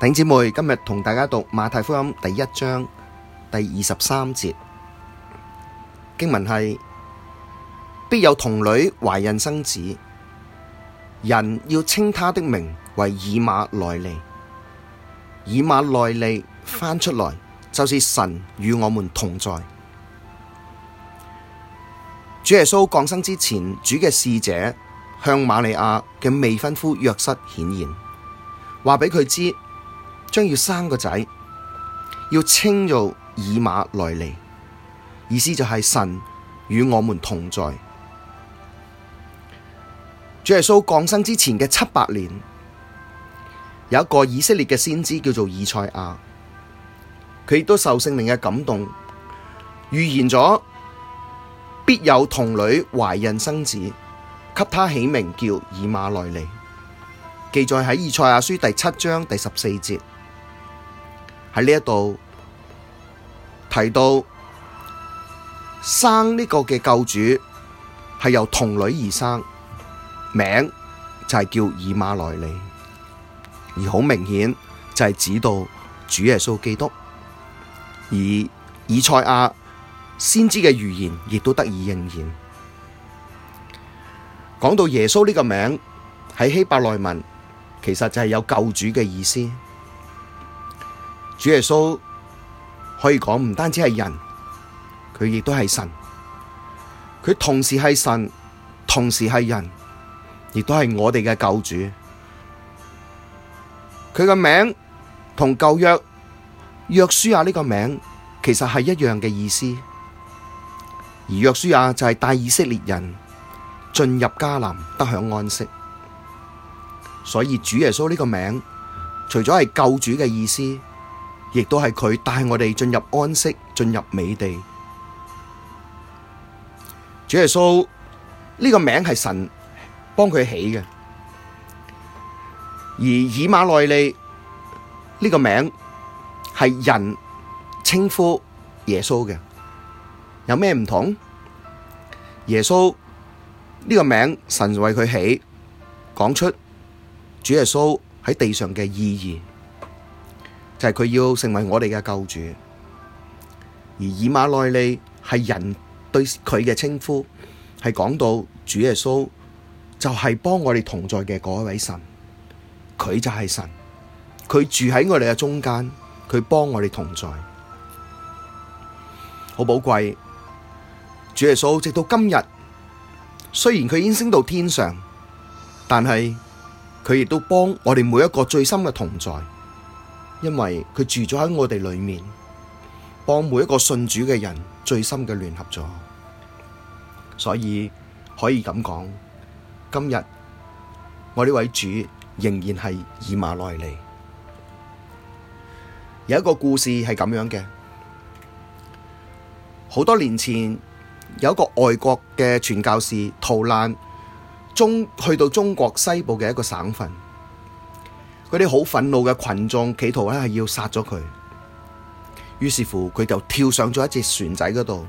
弟姐妹今日同大家讀馬太福音第一章第二十三節經文係必有童女懷孕生子，人要稱他的名為以馬內利。以馬內利翻出來就是神與我們同在。主耶穌降生之前，主嘅侍者向瑪利亞嘅未婚夫約瑟顯現，話畀佢知。將要生個仔，要稱做以馬內利，意思就係神與我們同在。主耶穌降生之前嘅七百年，有一個以色列嘅先知叫做以賽亞，佢亦都受聖靈嘅感動，預言咗必有童女懷孕生子，給他起名叫以馬內利。記載喺以賽亞書第七章第十四節。喺呢度提到生呢個嘅救主係由童女而生，名就係叫以馬內利，而好明顯就係指到主耶穌基督，而以賽亞先知嘅預言亦都得以應驗。講到耶穌呢個名喺希伯來文，其實就係有救主嘅意思。主耶穌可以講唔單止係人，佢亦都係神，佢同時係神，同時係人，亦都係我哋嘅救主。佢嘅名同舊約約書亞呢個名其實係一樣嘅意思，而約書亞就係帶以色列人進入迦南得享安息，所以主耶穌呢個名除咗係救主嘅意思。亦都係佢帶我哋進入安息，進入美地。主耶穌呢個名係神幫佢起嘅，而以馬內利呢個名係人稱呼耶穌嘅。有咩唔同？耶穌呢個名神為佢起，講出主耶穌喺地上嘅意義。就係佢要成為我哋嘅救主，而以馬內利係人對佢嘅稱呼，係講到主耶穌就係幫我哋同在嘅嗰位神，佢就係神，佢住喺我哋嘅中間，佢幫我哋同在，好寶貴。主耶穌直到今日，雖然佢已經升到天上，但係佢亦都幫我哋每一個最深嘅同在。因為佢住咗喺我哋裏面，幫每一個信主嘅人最深嘅聯合咗，所以可以咁講。今日我呢位主仍然係以馬內利。有一個故事係咁樣嘅，好多年前有一個外國嘅傳教士逃難，中去到中國西部嘅一個省份。嗰啲好憤怒嘅群眾企圖咧係要殺咗佢，於是乎佢就跳上咗一隻船仔嗰度，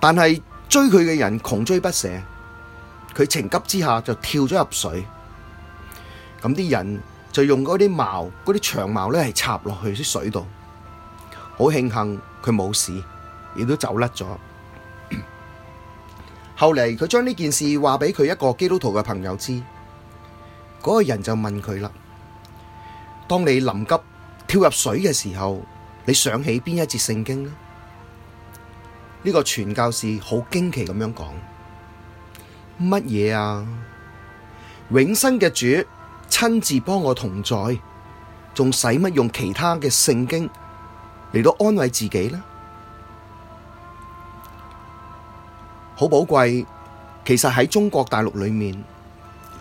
但係追佢嘅人窮追不捨，佢情急之下就跳咗入水，咁啲人就用嗰啲矛、嗰啲長矛咧係插落去啲水度，好慶幸佢冇事，亦都走甩咗。後嚟佢將呢件事話畀佢一個基督徒嘅朋友知。嗰個人就問佢啦：當你臨急跳入水嘅時候，你想起邊一節聖經呢？呢、呢個傳教士好驚奇咁樣講：乜嘢啊？永生嘅主親自幫我同在，仲使乜用其他嘅聖經嚟到安慰自己呢？好寶貴，其實喺中國大陸裏面。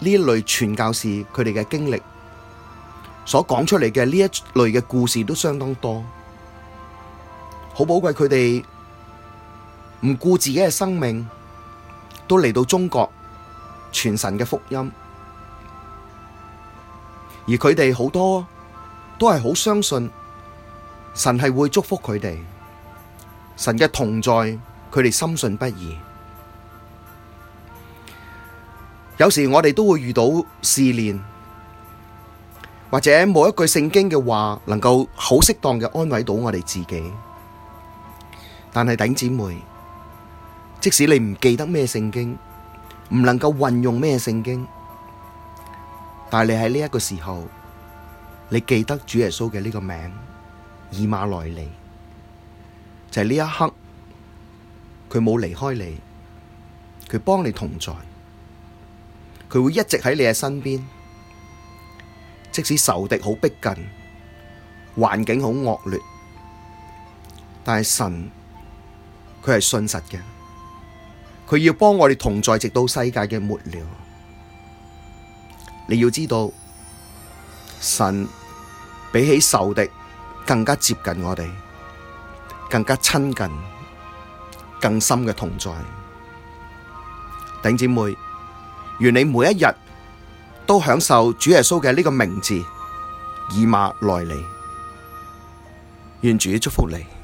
呢一類傳教士佢哋嘅經歷，所講出嚟嘅呢一類嘅故事都相當多，好寶貴。佢哋唔顧自己嘅生命，都嚟到中國傳神嘅福音。而佢哋好多都係好相信，神係會祝福佢哋，神嘅同在，佢哋深信不疑。有時，我哋都會遇到試煉，或者冇一句聖經的話，能夠好適當的安慰到我哋自己。但係，頂姊妹，即使你唔記得什麼聖經，唔能夠運用什麼聖經，但係你喺呢個時候，你記得主耶穌的呢個名，以馬內利，就係呢一刻，佢冇離開你，佢幫你同在，佢會一直喺你嘅身邊，即使仇敵好逼近，環境好惡劣，但係神，佢係信實嘅，佢要幫我哋同在直到世界嘅末了。你要知道，神比起仇敵更加接近我哋，更加親近，更深嘅同在，頂姐妹。願你每一日都享受主耶穌嘅呢個名字，以馬內利。願主祝福你。